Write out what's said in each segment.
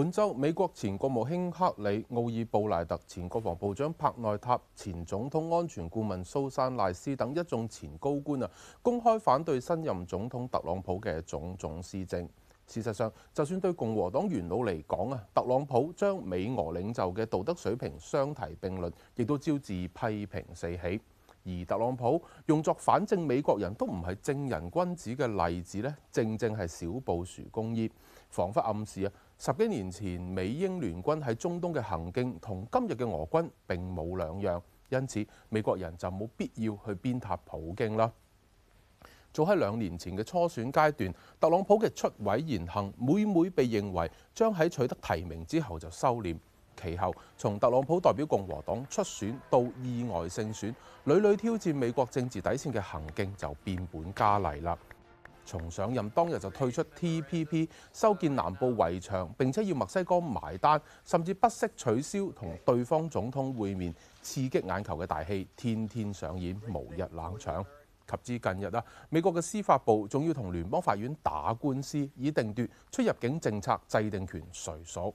本周，美國前國務卿克里、奧爾布賴特、前國防部長帕內塔、前總統安全顧問蘇珊賴斯等一眾前高官啊，公開反對新任總統特朗普嘅種種施政。事實上，就算對共和黨元老嚟講啊，特朗普將美俄領袖嘅道德水平相提並論，亦都招致批評四起。而特朗普用作反正美國人都唔係正人君子嘅例子咧，正正係小布殊公衣，仿佛暗示啊，十幾年前美英聯軍喺中東嘅行徑同今日嘅俄軍並冇兩樣，因此美國人就冇必要去鞭撻普京啦。早喺兩年前嘅初選階段，特朗普嘅出位言行每每被認為將喺取得提名之後就收斂。其後，從特朗普代表共和黨出選到意外勝選，屢屢挑戰美國政治底線嘅行徑就變本加厲啦。從上任當日就退出 TPP、修建南部圍牆，並且要墨西哥埋單，甚至不惜取消同對方總統會面，刺激眼球嘅大戲天天上演，無日冷場。及至近日啦，美國嘅司法部仲要同聯邦法院打官司，以定奪出入境政策制定權誰屬。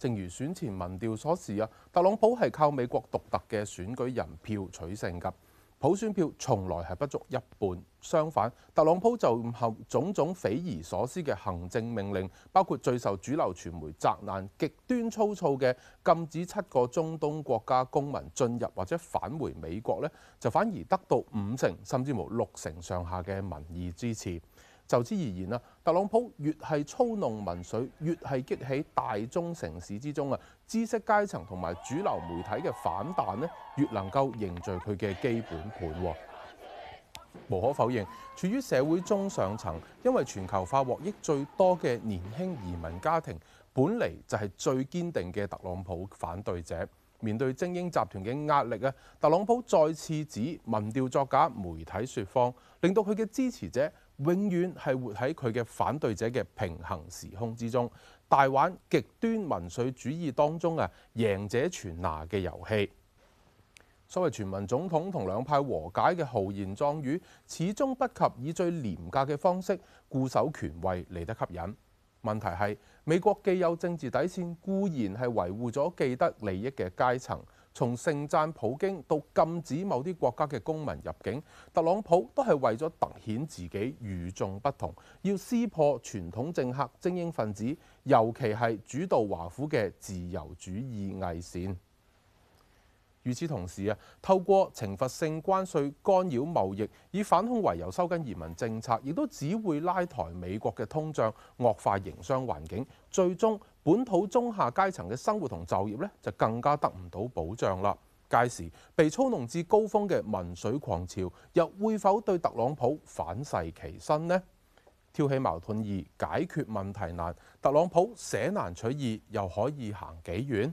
正如選前民調所示啊，特朗普係靠美國獨特嘅選舉人票取勝㗎，普選票從來係不足一半。相反，特朗普就憑種種匪夷所思嘅行政命令，包括最受主流傳媒責難、極端粗糙嘅禁止七個中東國家公民進入或者返回美國呢，就反而得到五成甚至乎六成上下嘅民意支持。就此而言啦，特朗普越係操弄民粹，越係激起大中城市之中啊知識階層同埋主流媒體嘅反彈咧，越能夠凝聚佢嘅基本盤。無可否認，處於社會中上層，因為全球化獲益最多嘅年輕移民家庭，本嚟就係最堅定嘅特朗普反對者。面對精英集團嘅壓力啊，特朗普再次指民調作假、媒體説謊，令到佢嘅支持者，永遠係活喺佢嘅反對者嘅平衡時空之中，大玩極端民粹主義當中嘅贏者全拿嘅遊戲。所謂全民總統同兩派和解嘅豪言壯語，始終不及以最廉價嘅方式固守權位嚟得吸引。問題係美國既有政治底線，固然係維護咗既得利益嘅階層。從盛讚普京到禁止某啲國家嘅公民入境，特朗普都係為咗凸顯自己與眾不同，要撕破傳統政客精英分子，尤其係主導華府嘅自由主義偽善。與此同時啊，透過懲罰性關稅干擾貿易，以反恐為由收緊移民政策，亦都只會拉抬美國嘅通脹，惡化營商環境，最終本土中下階層嘅生活同就業呢，就更加得唔到保障啦。屆時被操弄至高峰嘅民粹狂潮，又會否對特朗普反噬其身呢？挑起矛盾易，解決問題難。特朗普捨難取易，又可以行幾遠？